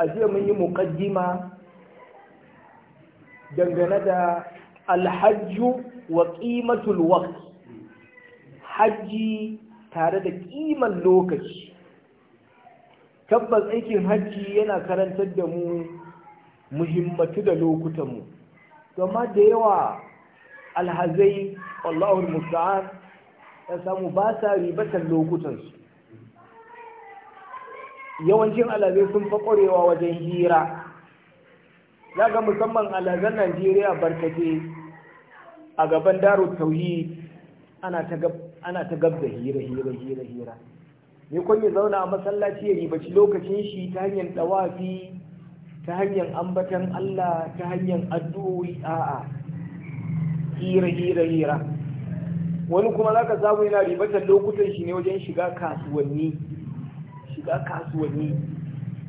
a jiya mun yi muƙaddima dangane da alhajju wa ƙimatul waqt hajji tare da ƙiman lokaci tabbas aikin hajji yana karantar da mu muhimmatu da lokutanmu amma da yawa alhazai allahul musa'an ya samu ba sa ribatar lokutansu yawancin alazai sun fa ƙwarewa wajen hira za ga musamman alazan najeriya barkace a gaban daru tauhi ana ta gab hira hira hira hira ne kun ya zauna a masallaci ya ribaci lokacin shi ta hanyar ɗawafi ta hanyar ambatan allah ta hanyar addu'o'i a'a hira hira hira wani kuma za ka samu yana ribatar lokutan shi ne wajen shiga kasuwanni shiga kasuwanni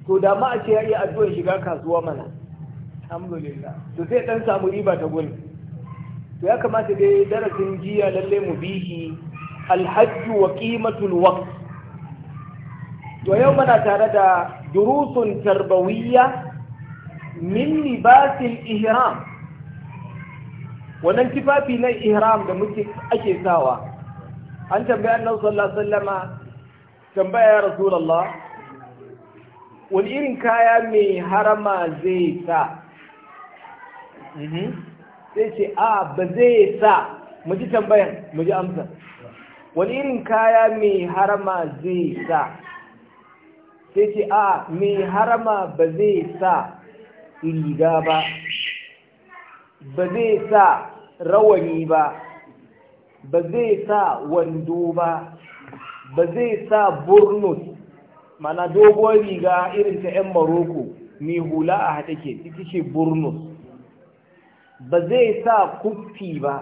to da ma a ce ya iya addu'ar shiga kasuwa mana alhamdulillah to sai dan samu riba ta gurin to ya kamata dai darasin jiya lalle mu bihi alhajj wa qimatul waqt to yau muna tare da durusun tarbawiyya min libasil ihram wannan tifafi na ihram da muke ake sawa an tambayi annabi sallallahu alaihi wasallama tambaya ya rasulallah wani irin kaya mai harama zai sa sai mhm. ce a ba zai sa mu ji tambayan mu ji amsa wani irin kaya mai harama zai sa sai ce a mai harama ba zai sa riga ba ba zai sa rawani ba ba zai sa wando ba ba zai sa burnus mana doguwar riga irin ta 'yan maroko mai hula a haɗe ke ciki ce burnus ba zai sa kufi ba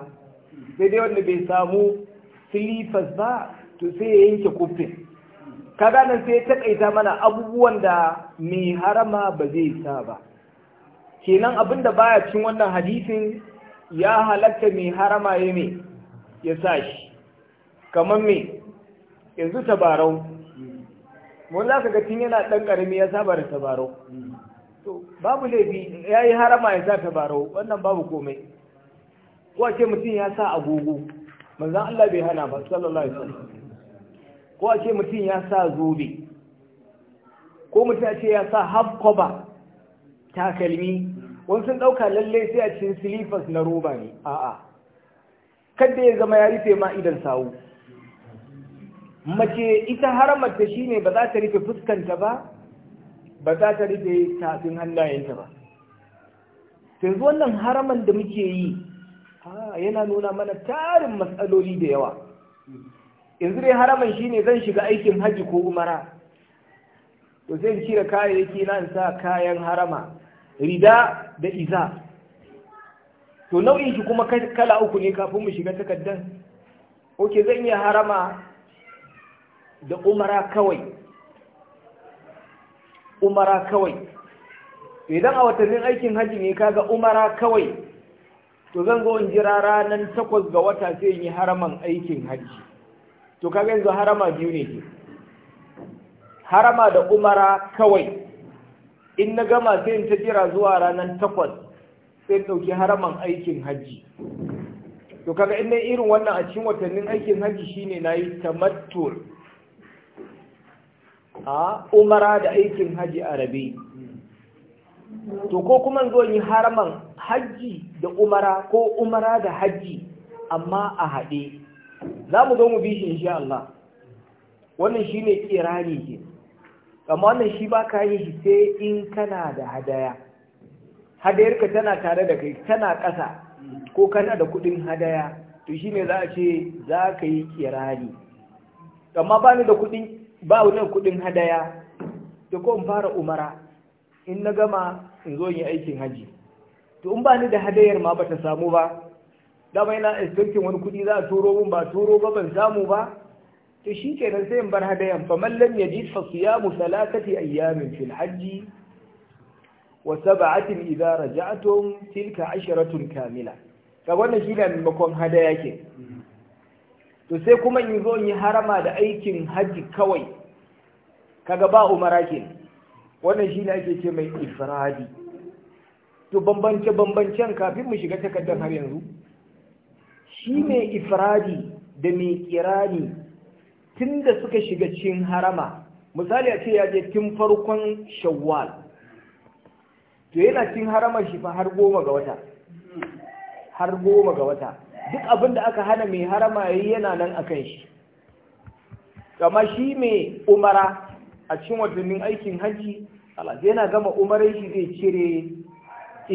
sai dai wanda bai samu filifas ba to sai ya yanke kufin. kaga nan sai ya takaita mana abubuwan da mai harama ba zai sa ba kenan abin da baya cin wannan hadisin ya halatta mai harama ya ne ya sa shi kamar mai yanzu tabarau mun za ka ga tun yana ɗan ƙarami ya saba da tabarau to babu laifi ya yi harama ya sa tabarau wannan babu komai ko a ce mutum ya sa agogo manzan Allah bai hana ba sallallahu alaihi wasallam ko a ce mutum ya sa zobe ko mutum ya ce ya sa half cover takalmi wani sun ɗauka lallai sai a cikin silifas na roba ne a'a kadda ya zama ya rufe ma idan sawu mace ita haramarta ne ba za ta rufe fuskanta ba ba za ta rufe tafin hannayenta ba yanzu wannan haraman da muke yi yana nuna mana tarin matsaloli da yawa yanzu dai haraman shi ne zan shiga aikin haji ko umara to zan cire kayayyaki na sa kayan harama rida da iza to nau'in shi kuma kala uku ne kafin mu shiga takaddan oke zan iya harama da umara kawai umara kawai idan a watannin aikin hajji ne kaga umara kawai to zan go in jira ranar takwas ga wata sai yi haraman aikin hajji to kaga yanzu harama biyu ne harama da umara kawai in na gama sai in ta jira zuwa ranar takwas sai ɗauki haraman aikin hajji to kaga in irin wannan a cikin watannin aikin hajji shine na yi tamattur a umara da aikin haji a rabe to ko kuma zo yi harman hajji da umara ko umara da hajji amma a haɗe za mu zo mu bi shi insha Allah wannan shi ne kirani ke amma wannan shi ba ka yi shi sai in kana da hadaya hadayarka tana tare da kai tana ƙasa ko kana da kuɗin hadaya to shi ne za a ce za ka yi kirani amma ba ni da kuɗin ba wani kuɗin hadaya da ko in fara umara in na gama in zo yi aikin haji to in ba ni da hadayar ma ba ta samu ba dama yana expecting wani kuɗi za a turo mun ba turo ba ban samu ba to shi kenan sai in bar hadayan fa man lam yajid fa siyamu thalathati ayyamin fil hajji wa sab'atin idza raja'tum tilka asharatun kamila ka wannan shi ne maimakon hadaya ke to sai kuma in zo in yi harama da aikin hajji kawai kaga ba umara ke wannan shi ne ake ce mai ifradi to bambance bambancen kafin mu shiga takardar har yanzu shi mai ifradi da mai kirani tun da suka shiga cin harama misali a ce ya je tun farkon shawwal to yana cin haramar shi fa har goma ga wata har goma ga wata duk abin da aka hana mai harama yayi yana nan a kan shi kama shi mai umara a cikin watannin aikin hajji yana gama umarai shi zai cire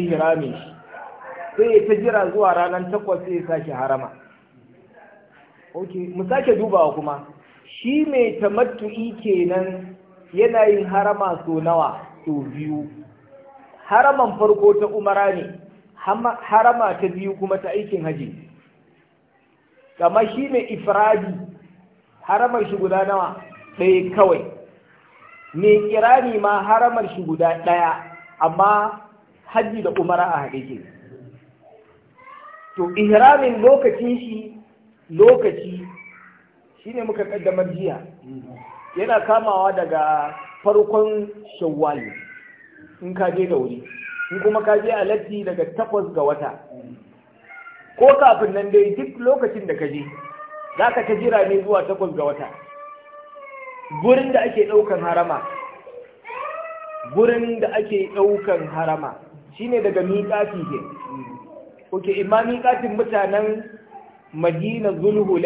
ihramin shi sai ya ta jira zuwa ranar takwas sai ya sake harama ok mu sake dubawa kuma shi mai tamattu'i kenan yana yin harama so nawa so biyu haraman farko ta umara ne harama ta biyu kuma ta aikin hajji. kamar shi ne ifradi haramar shi guda nawa ɗaya kawai ne kirani ma haramar shi guda ɗaya amma hajji da umara a haɗe ke to ihramin lokacin shi lokaci shi ne muka ƙaddamar jiya yana kamawa daga farkon shawwali in ka je da wuri in kuma ka je a latti daga takwas ga wata ko kafin nan dai duk lokacin da ka je za ka ta jira ne zuwa takwas ga wata gurin da ake ɗaukan harama gurin da ake ɗaukan harama shine daga miƙafi ke ok imma miƙafin mutanen madina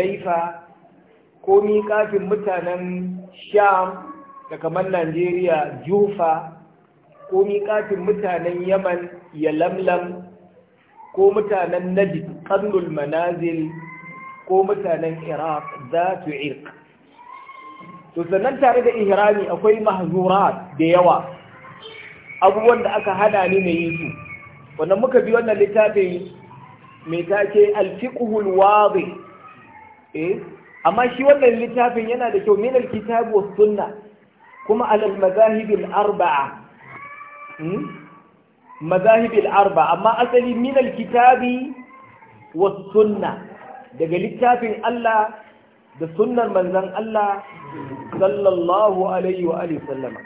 laifa ko miƙatin mutanen sham da kamar najeriya jufa ko miƙatin mutanen yaman ya lamlam ko mutanen najid qarnul manazil ko mutanen iraq zatu irq to sannan tare da ihrami akwai mahzurat da yawa abubuwan da aka hana ni mai yi su wannan muka bi wannan littafin mai take alfiqhul wadi eh amma shi wannan littafin yana da kyau min alkitab was sunna kuma alal mazahib al arba'a hmm? mazahib al arba'a amma asali min alkitabi wasu sunna daga littafin Allah da sunnar manzan Allah sallallahu alaihi wa alihi sallama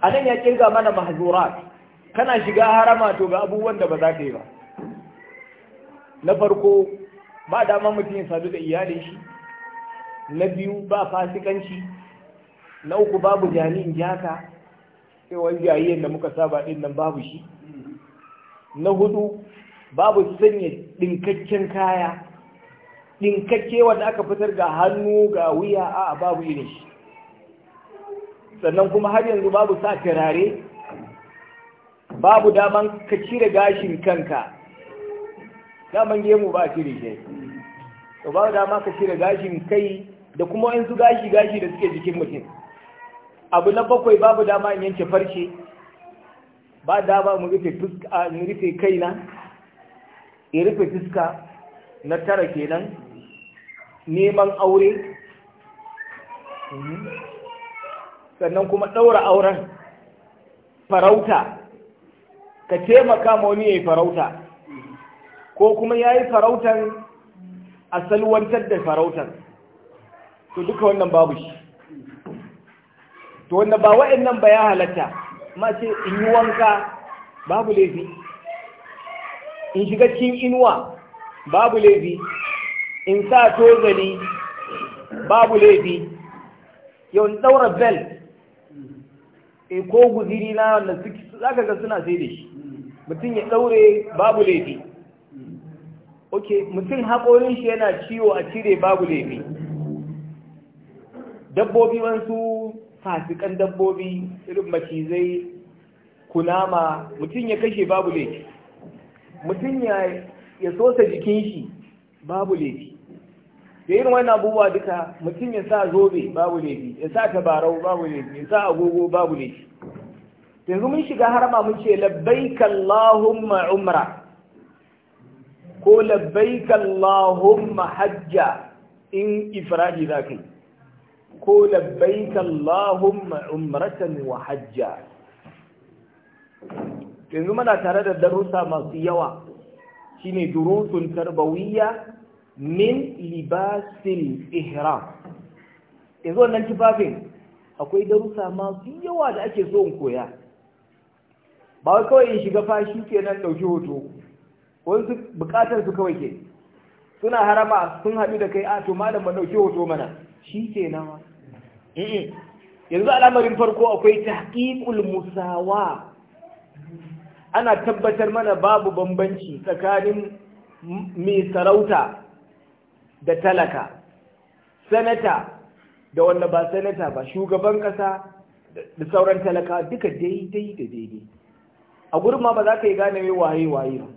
a nan ya kirga mana mahzurat kana shiga harama to ga abubuwan da ba za ka yi ba na farko ba dama mutum ya sadu da iyalin shi na biyu ba fasikanci na uku babu jami'in jaka sai wani jayiyar da muka saba din nan babu shi na hudu babu su sanya ɗinkakken kaya ɗinkakke wanda aka fitar ga hannu ga wuya a babu irin shi sannan kuma har yanzu babu sa firare babu daman ka cire gashin kanka daman gemu ba cire shi to babu dama ka cire gashin kai da kuma yanzu gashi gashi da suke jikin mutum abu na bakwai babu dama in yanke farce ba dama mu rufe kai mu rufe kaina ya rufe fuska na tara kenan neman aure mhm. sannan kuma ɗaura auren farauta ka taimaka ma wani ya yi farauta ko kuma ya yi farautan a salwantar da farautan to duka wannan babu shi to wanda ba wa'in nan ba ya halatta ma ce in yi wanka babu laifi in shiga cikin inuwa babu laifi in sa tozali babu laifi yau in daura bel E, eh, ko guziri na wanda zaka ga suna sai da shi mutum ya daure babu laifi ok mutum haƙorin shi yana ciwo a cire babu laifi dabbobi wansu fasikan dabbobi irin macizai kunama mutum ya kashe babu laifi mutum ya sosa jikin shi babu laifi da irin wani abubuwa duka mutum ya sa zobe babu laifi ya sa tabarau babu laifi ya sa agogo babu laifi yanzu mun shiga harama mun ce labbaik Allahumma umra ko labbaik hajja in ifradi za yi ko labbaik Allahumma umratan wa hajja yanzu mana tare da darussa masu yawa Shi ne durusun tarbawiyya min libasin ihram yanzu wannan tufafin akwai darussa masu yawa da ake so in koya ba kawai in shiga fashi ke nan dauki hoto wasu bukatar su kawai ke suna harama sun haɗu da kai a to malam ba dauki hoto mana shi ke nawa yanzu al'amarin farko akwai tahqiqul musawa ana tabbatar mana babu bambanci tsakanin mai sarauta da talaka sanata da wanda ba sanata ba shugaban kasa da sauran talaka duka daidai da daidai a gurin ma ba za ka yi gane waye waye ba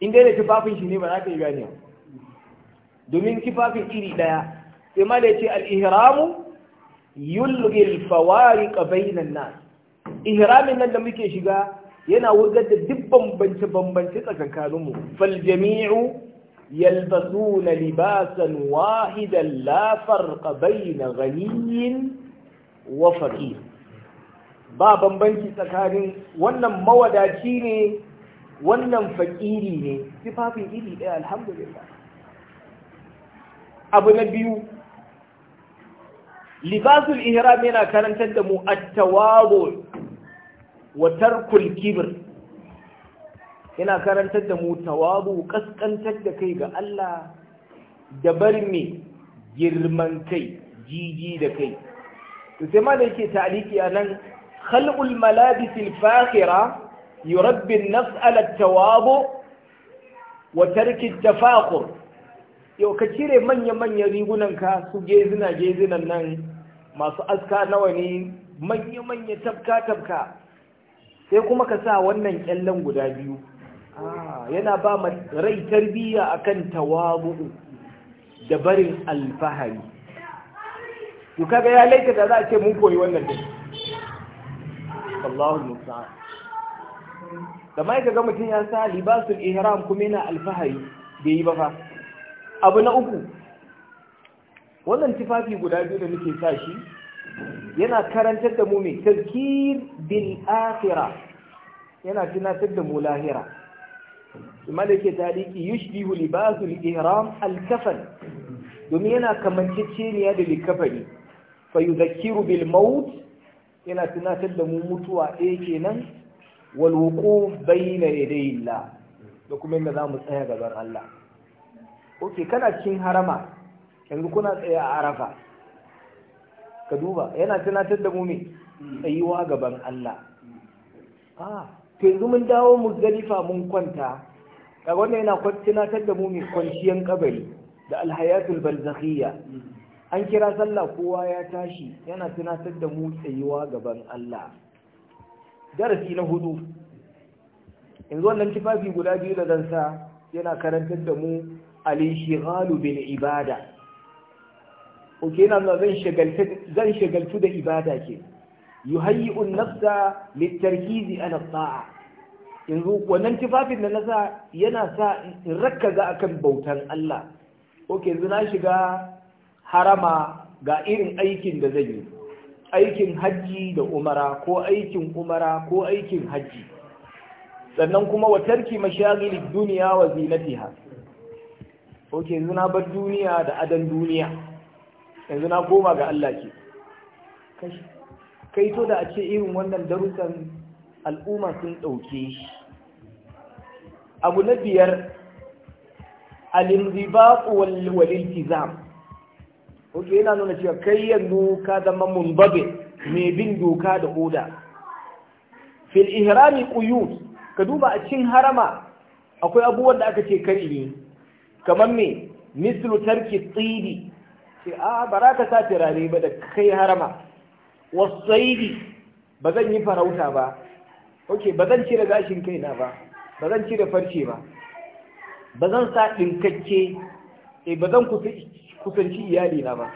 in yana tufafin shi ne ba za ka yi gane ba. domin tufafin iri daya sai ma da ya ce al'ihramu yulgil fawari nan na. ihramin nan da muke shiga yana wurgar da duk bambance bambance tsakankaninmu Faljami'u yalbasu yalbasuna libasan wahidan lafar farqa bayna ghaniyin ba bambanci tsakanin wannan mawadaci ne wannan fakiri ne sifafin iri ɗaya alhamdulillah abu na biyu libasul ihram yana karantar da mu at Watar tarkul yana karantar da mu tawabu kaskantar da kai ga Allah da bar me girman kai jiji da kai to sai ma da yake ta'liki a nan khalqul malabis al-fakhira yurabbi an-nafs ala at wa tarki at-tafakhur yau ka cire manya-manyan rigunanka su gezina gezinan nan masu aska nawa ne manya-manya tafka-tafka sai kuma ka sa wannan kyallen guda biyu ah, yana ba ma rai tarbiyya kan tawabu da barin alfahari to kaga ya laika da za a ce mun koyi wannan din Allahu musta'an kamar kaga mutum ya sa libasul ihram kuma yana alfahari bai yi ba fa abu na uku wannan tufafi guda biyu da muke sa shi yana karantar da mu mai tazkir bil akhirah yana tunatar da mu lahira kuma da ke tariki yushbihu libasu al-ihram al-kafan domin yana kamanceceniya da likafani fa yuzakkiru bil maut yana tunatar da mu mutuwa ɗaya kenan wal wuquf bayna yadayillah da kuma inda zamu tsaya gaban Allah okay kana cikin harama yanzu kuna tsaya a arafa ka duba yana tunatar da mu me tsayuwa gaban Allah ah to yanzu mun dawo muzdalifa mun kwanta kaga wannan yana tunatar da mu me kwanciyan kabari da alhayatul barzakhiyya an kira sallah kowa ya tashi yana tunatar da mu tsayuwa gaban Allah darasi na hudu yanzu wannan tufafi guda biyu da zan sa yana karantar da mu al-shighalu bil ibada ok yana nuna zan shagaltu da ibada ke yuhayyi'un nafsa litarkizi ala ta'a yanzu wannan tufafin da na yana sa in rakkaza akan bautan Allah oke yanzu na shiga harama ga irin aikin da zan yi aikin hajji da umara ko aikin umara ko aikin hajji sannan kuma wa tarki mashagili duniya wa zinatiha oke yanzu na bar duniya da adan duniya yanzu na koma ga Allah ke kai to da a ce irin wannan darussan al'umma sun ɗauke shi abu na biyar al-inzibaq wal iltizam yana nuna cewa kai yanzu ka zama mumbabe mai bin doka da oda fil ihrami quyut ka duba a cin harama akwai abubuwan da aka ce kari ne. kamar me mislu tarki tsidi ce a ba za ka sa firare ba da kai harama wasaidi ba zan yi farauta ba ok ba zan cire gashin kaina ba ba zan cire farce ba ba zan sa ɗinkakke e ba zan kusanci iyalina ba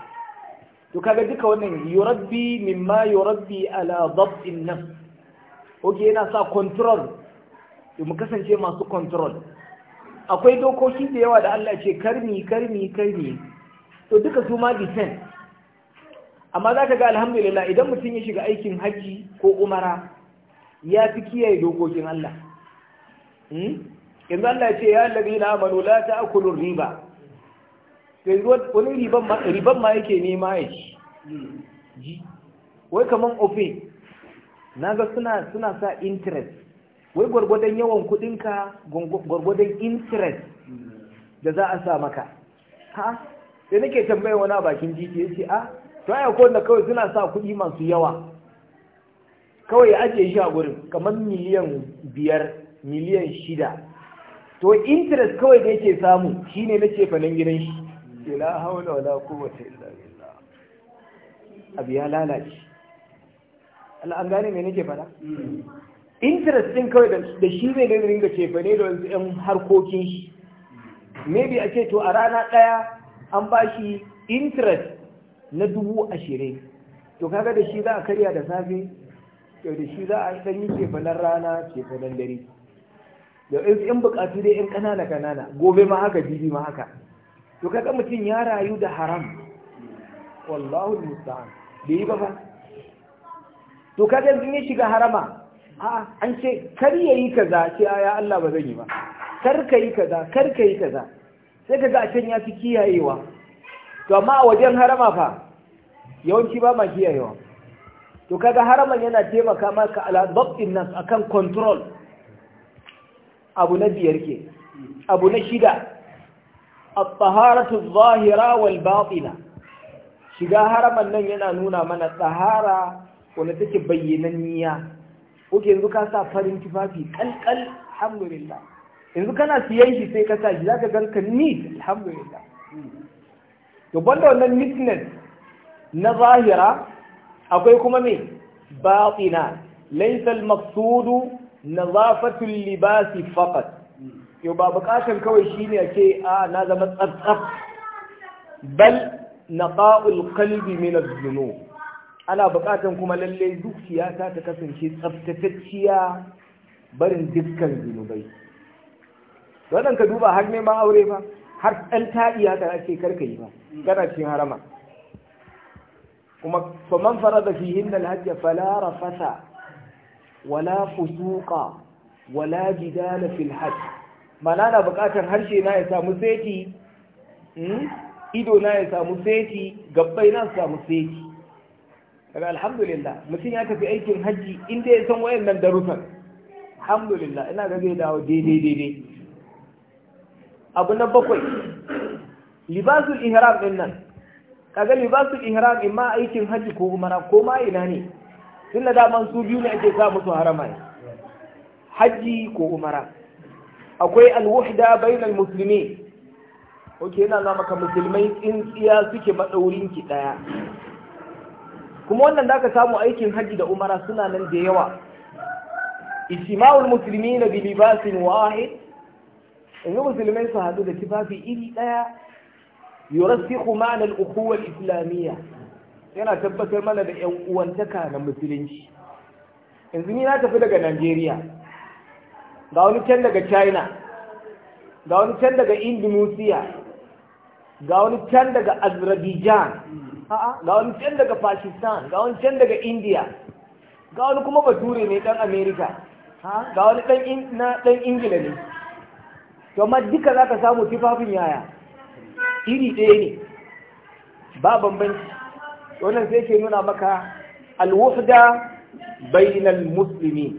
to kaga duka wannan yurabbi mimma yurabbi ala dabtin nan ok yana sa control mu kasance masu kontrol. akwai dokoki da yawa da Allah ce karmi karmi karmi to duka su ma defense amma za ka ga alhamdulillah idan mutum ya shiga aikin hajji ko umara ya fi kiyaye dokokin Allah hmm? yanzu Allah ce ya labi na amanu la ta akulu riba wani riban ma yake nema ya ji wai kaman ofe na ga suna sa interest wai gwargwadon yawan kudinka gwargwadon interest da za a sa maka sai nake tambayin wani a bakin jiki ya ce a ah, to ai akwai wanda kawai suna sa kuɗi masu yawa kawai ya ajiye shi a gurin kamar miliyan biyar miliyan shida to interest kawai da yake samu shine na cefanen gidan shi ila haula wala quwwata illa billah abu ya lalace Allah an gane me nake fada mm. interest din kawai da shi ne da ringa cefane da wasu yan harkokin shi maybe ake ce to a rana ɗaya an ba shi interest na dubu ashirin to kaga da shi za a karya da safe to da shi za a ɗan yi cefanen rana cefanen dare da in bukatu dai in ƙanana ƙanana gobe ma haka jibi ma haka to kaga mutum ya rayu da haram wallahu musta'an bai yi ba fa to kaga yanzu ya shiga harama a an ce kar yayi kaza ce ya Allah ba zan yi ba kar ka yi kaza kar ka yi kaza sai ka ga a can ya fi kiyayewa to amma a wajen harama fa yawanci ba ma kiyayewa to kaga haraman yana taimaka maka ala dabtin nas akan control abu na biyar ke abu na shida A taharatu adh-dhahira wal batina shiga haraman nan yana nuna mana tsahara wanda take bayyananniya kuke yanzu ka sa farin tufafi kalkal alhamdulillah yanzu kana siyan shi sai ka sa shi zaka ganka ni, alhamdulillah to banda wannan na zahira akwai kuma me batina laysa al-maqsudu nadhafatu al-libas faqat yau ba bukatan kawai shine ake a na zama tsaf bal naqa'ul qalbi min adh-dhunub ana bukatan kuma lalle duk ta ta kasance tsaftatacciya barin dukkan zunubai wannan ka duba har neman aure ba har ɗan ta'iya da ake ka yi ba kana cikin harama kuma faman farada fihin da alhajja Falara fasa, wala fusuqa wala jidala fil hajj mana na bukatar harshe na ya samu seti hmm? ido na ya samu seti gabbai na samu seti daga alhamdulillah mutum ya tafi aikin hajji inda ya san wayannan darussan alhamdulillah ina ga zai dawo daidai daidai abu na bakwai libasul ihram din nan kaga libasul ihram in ma aikin haji ko umara ko ma ina ne tunda da daman su biyu ne ake sa musu harama haji ko umara akwai alwuhda bainal muslimin oke yana zama ka musulmai tsintsiya suke maɗaurin ki ɗaya kuma wannan da ka samu aikin haji da umara suna nan da yawa ishima'ul musulmi na bilibasin wahid yanzu musulmai su hadu da tufafi iri ɗaya yurasiku ma'anar ukuwar islamiyya yana tabbatar mana da ƴan uwantaka na musulunci yanzu ni na tafi daga najeriya ga wani can daga china ga wani can daga indonesia ga wani can daga azerbaijan ga wani can daga pakistan ga wani can daga india ga wani kuma bature ne dan america ga wani dan ingila ne to amma duka za ka samu tufafin yaya iri ɗaya ne ba bambanci wannan sai ke nuna maka alwufda bainal musulmi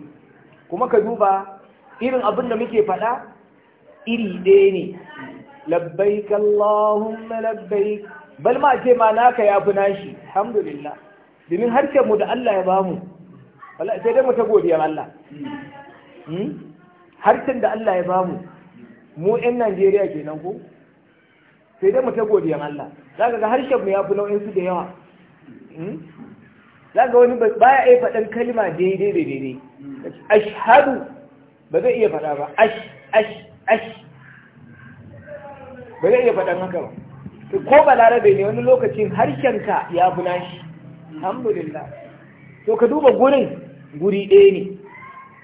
kuma ka duba irin abin da muke faɗa iri ɗaya ne labbaik Allahumma labbaik bal ma ce ma naka ya fi nashi alhamdulillah domin harshen mu da Allah ya bamu sai dai mu ta godiya Allah hmm? harshen da Allah ya bamu mu 'yan najeriya kenan ko sai dai mu ta godiyan Allah za ka ga harshen mu ya fi nau'in su da yawa hmm? za ga wani baya iya faɗin kalima daidai da daidai ashhadu ba zai iya faɗa ba ash ash ash ba zai iya faɗan haka ba ko balarabe ne wani lokacin harshenka ya fi nashi alhamdulillah to ka duba gurin guri ɗaya ne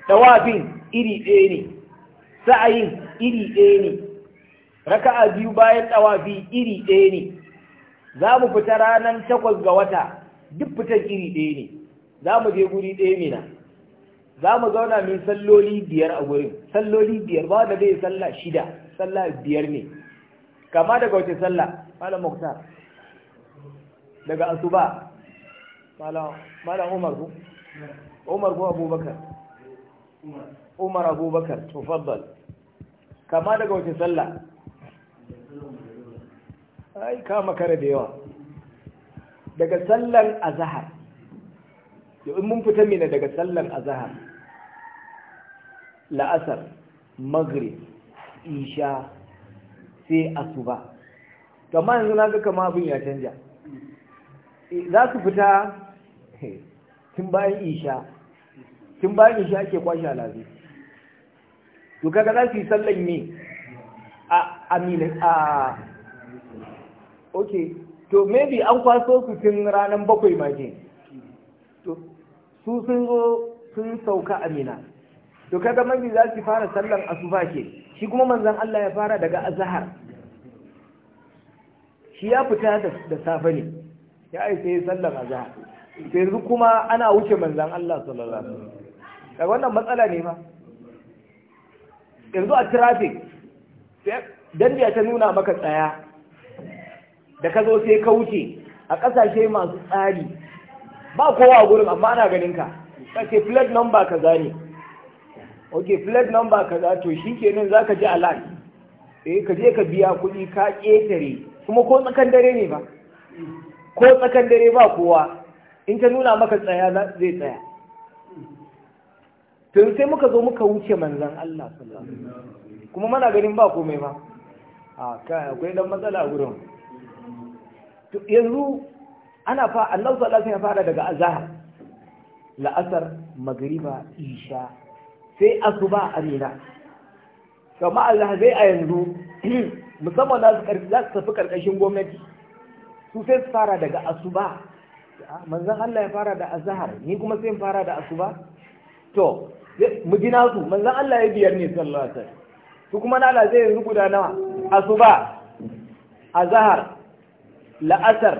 tawafin iri ɗaya ne sa'ayin iri ɗaya ne raka'a biyu bayan ɗawafi iri ɗaya ne za mu fita ranar takwas ga wata duk fitar iri ɗaya ne za mu je guri ɗaya mina za mu zauna mai salloli biyar a gurin salloli biyar ba da zai sallah shida sallah biyar ne kama daga wace sallah malam muktar daga asuba malam umar ku umar ku abubakar umar abubakar tufaddal kama daga wace sallah ai kama kare da yawa daga sallan azahar yau in mun fita mina daga sallan azahar la'asar maghrib isha sai asuba kama yanzu na ga kama abin ya canja za su fita tun bayan isha tun bayan isha ake kwashe alazi to kaga za su yi sallan ne. a amina a okay to maybe an kwaso su tun ranar bakwai maje to su sun zo sun sauka amina to kaga mabi za su fara sallan asuba ke shi kuma manzan Allah ya fara daga azahar. shi ya fita da safe ne ya aise yi sallan azahar. yanzu kuma ana wuce manzan Allah sallallahu alaihi wasallam wannan matsala ne ba yanzu a traffic dandiya ta nuna maka tsaya da ka zo sai ka wuce a ƙasashe masu tsari ba kowa a gurin amma ana ganin ka ce flag number kaza ne Okay, flag number kaza to shi zaka za ka ji alert eh ka je ka biya kuɗi ka ƙetare kuma ko tsakan dare ne ba ko tsakan dare ba kowa in ta nuna maka tsaya zai tsaya tun sai muka zo muka wuce manzan Allah kuma mana ganin ba komai ba a kai akwai dan matsala a gurin to yanzu ana fa Allah sallallahu ya fara daga azhar la'asar magriba isha sai asuba amina kama Allah zai a yanzu musamman za su tafi karkashin gwamnati su sai su fara daga asuba manzan Allah ya fara da azhar ni kuma sai fara da asuba to mu gina su manzan Allah ya biyar ne sallallahu su kuma na Allah zai yanzu guda nawa asuba azhar la'asar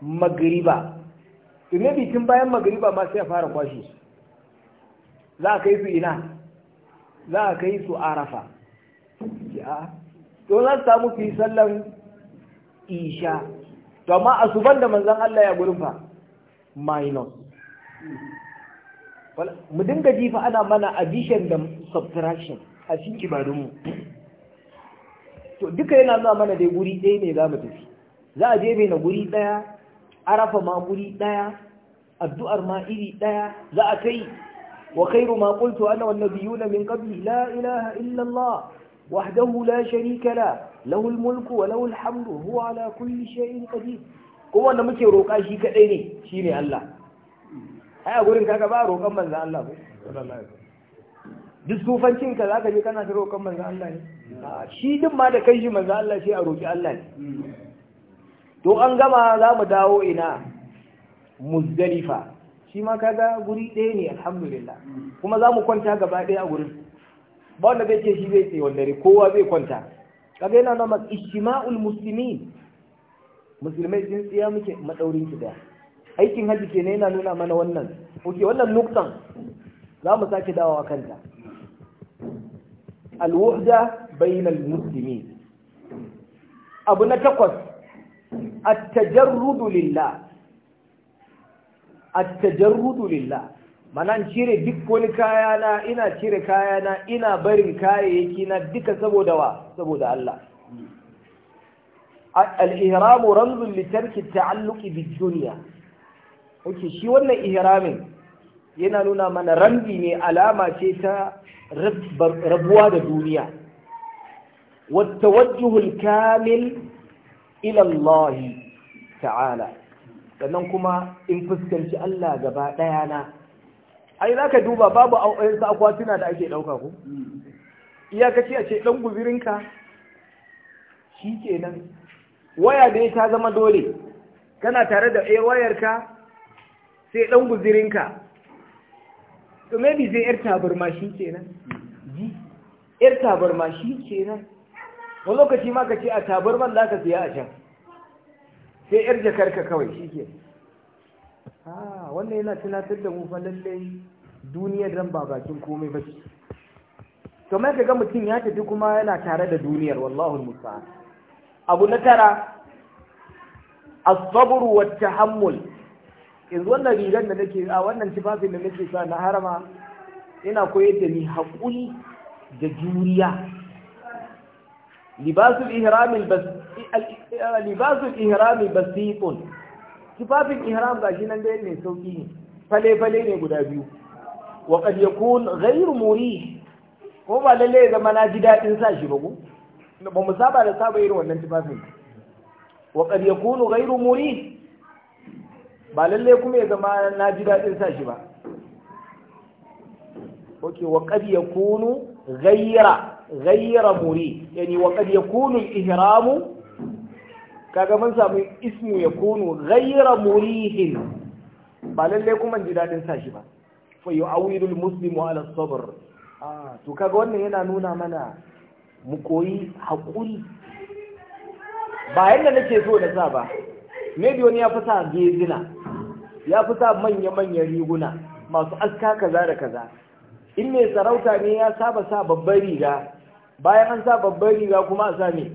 magriba to tun bayan magriba ma sai ya fara kwashi za a kai su ina za a kai su arafa to za su samu fi sallan isha to amma asuban da manzan Allah ya gurin fa minus mu dinga jifa ana mana addition da subtraction a cikin ibadunmu to duka yana zuwa mana dai guri ɗaya ne za mu tafi za a je mai na guri ɗaya arafa ma guri ɗaya addu'ar ma iri ɗaya za a kai wa khairu ma qultu ana wan nabiyuna min qabli la ilaha illa allah wahdahu la sharika la lahu al mulku wa lahu al hamdu huwa ala kulli shay'in qadir kuma wanda muke roƙa shi kadai ne shine allah ai gurin kaga ba roƙon manzan Allah ba sallallahu alaihi ka zaka je kana ta roƙon manzan Allah ne shi din ma da kai shi manzan Allah shi a roƙi Allah ne to an gama za mu dawo ina muzdalifa shi ma kaga guri ɗaya ne alhamdulillah kuma za mu kwanta gaba ɗaya a gurin ba wanda zai ce shi zai tsaye wanda kowa zai kwanta kaga yana nama ul muslimin musulmai sun tsaya muke madaurin ki daya aikin hajji ke yana nuna mana wannan kuke wannan nuktan za mu sake dawowa kanta alwuhda bainal muslimin abu na takwas at-tajarrudu lillah at-tajarrudu lillah manan cire duk wani kaya na ina cire kaya na ina barin kayayyaki na duka saboda wa saboda Allah al-ihramu ramzun li tarki ta'alluqi bid-dunya oke shi wannan ihramin yana nuna mana rambi ne alama ce ta rabuwa da duniya wata wajjuhul kamil ilallahi ta'ala sannan kuma in fuskanci Allah gaba ɗaya na ai za ka duba babu yansu akwatuna da ake ɗauka ku iyakaci a ce ɗan guzirinka shi ke nan. waya da ya ta zama dole kana tare da ɗaya eh, wayarka sai ɗan guzirinka to maybe sai yar tabarma shi nan yar tabarma shi nan wani lokaci ma ka ce a tabarman za ka siya a can sai yar jakarka kawai shi ke wannan yana tunatar da mufa lallai duniyar ran ba bakin komai ba ce to mai kaga mutum ya tafi kuma yana tare da duniyar wallahul musa abu na tara as-sabr wa tahammul yanzu wannan rigar da nake a wannan tufafin da nake sa na harama yana koyar da ni haƙuri da juriya libasul ihramil Basi libasul ihrami basitun tufafin ihram shi nan dai ne sauki ne fale fale ne guda biyu wa qad yakun ghayr murih ko ba lalle ya zama na ji dadin sa shi ba ko ba mu saba da saba irin wannan tufafin wa qad yakun ghayr murih ba lalle kuma ya zama na ji daɗin sa shi ba ok wa qad yakunu ghayra ghayra muri yani wa qad yakunu ihramu kaga mun samu ismu yakunu ghayra murihin ba lalle kuma ji daɗin sa shi ba fa yu'awidu al-muslimu ala sabr ah to kaga wannan yana nuna mana mu koyi hakuri. ba yadda nake so na sa ba maybe wani ya fasa gezina ya fi sa manya-manyan riguna masu aska kaza da kaza in mai sarauta ne ya saba sa babbar riga bayan an sa babbar riga kuma a sa ne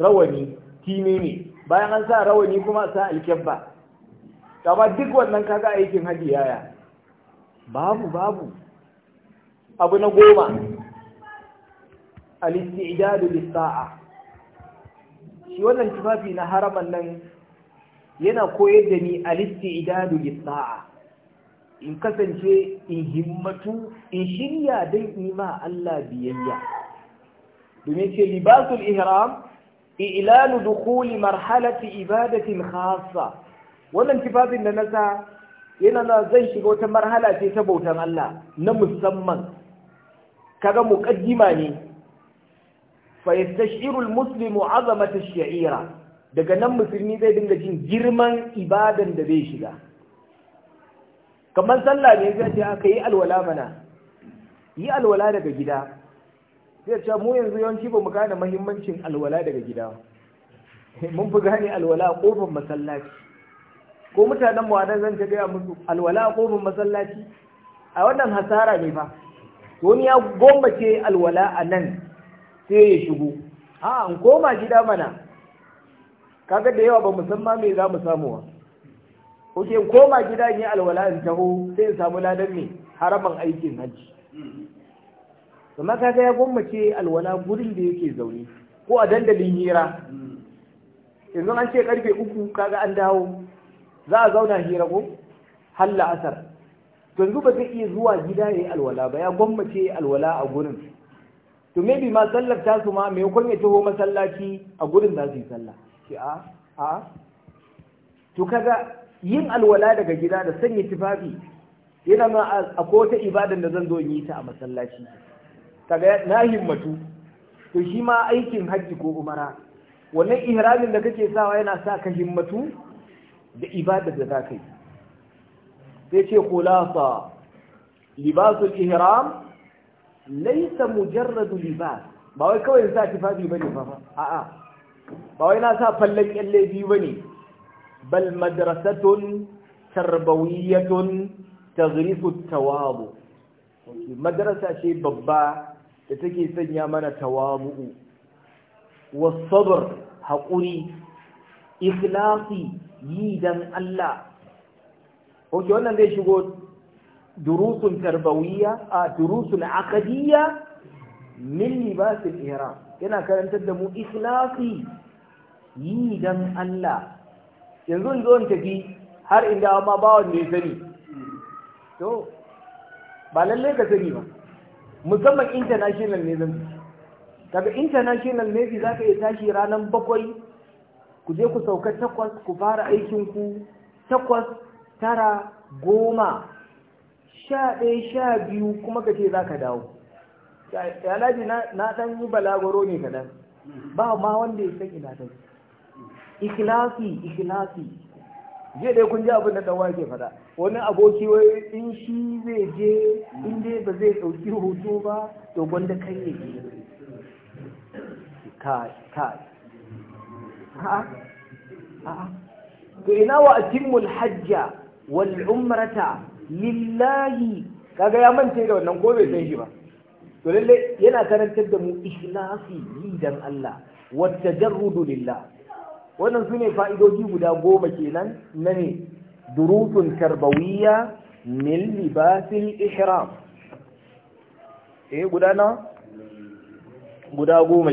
rawani time ne bayan an sa rawani kuma a sa alkyabba kama duk wannan kaga aikin haji yaya babu babu abu na goma alisti idadu lissa'a shi wannan tufafi na haraman nan yana koyar da ni a istidadu lis-sa'a in kasance in himmatu in shirya dan ima Allah biyayya domin ce libasul ihram i'lanu dukhuli marhalati ibadatin khassa wannan tifafin da nasa yana na zan shiga wata marhala ce ta bautan Allah na musamman kaga muqaddima ne fa yastashiru al-muslimu ash-sha'ira daga nan musulmi zai dinga jin girman ibadan da zai shiga kamar sallah ne zai ce aka yi alwala mana yi alwala daga gida zai ce mu yanzu yawanci ba mu gane mahimmancin alwala daga gida mun fi gane alwala a masallaci ko mutanen mu zan ta gaya musu alwala a kofar masallaci a wannan hasara ne fa wani ya gombace alwala a nan sai ya shigo A'a an koma gida mana kaga da yawa ba ma me za mu samu ba. oke koma gida ne alwala in taho sai in samu ladan ne haraman aikin hajji kuma kaga ya gwammace alwala gurin da yake zaune ko a dandalin hira yanzu an ce karfe uku kaga an dawo za a zauna hira ko halla asar yanzu ba zai iya zuwa gida ya alwala ba ya gwammace alwala a gurin to maybe ma sallar su ma maimakon ya taho masallaci a gurin za su yi sallah ce a a to kaga yin alwala daga gida da sanya tufafi yana ma akwai wata ibadan da zan zo yi ta a masallaci kaga na himmatu to shi ma aikin hajji ko umara wannan ihramin da kake sawa yana sa ka himmatu da ibadar da zaka yi sai ce khulasa libasul ihram laysa mujarradu libas ba wai kawai sa tufafi bane fa a ba wai na sa fallon kyalle biyu ba ne bal madrasatun tarbawiyatun tazrifu tawabu madrasa ce babba da take sanya mana tawabu wasabr haƙuri ikhlasi yi dan Allah oke wannan zai shigo durusun tarbawiyya a durusun akadiyya min libasil ihram yana karantar da mu ikhlasi yi dan Allah yanzu in zo in tafi har inda amma ba wanda ya sani to ba lalle ka sani ba musamman international ne zan daga international navy za ka iya tashi ranar bakwai ku je ku sauka takwas ku fara aikinku takwas tara goma sha ɗaya sha biyu kuma ka ce za ka dawo yalaji na dan yi balagoro ne kadan ba ma wanda ya san ina ta ikilasi ikilasi je dai kun ji abin da ɗan wake fada wani aboki wai in shi zai je in dai ba zai ɗauki hoto ba to gwanda kai ne kai kai ha ha to ina wa atimul hajja wal umrata lillahi kaga ya mance da wannan ko bai san shi ba to lalle yana karantar da mu ikhlasi dan Allah wa tajarrudu lillah wannan sune fa'idoji guda goma kenan na ne durusun tarbawiyya min libasil ihram eh guda na guda goma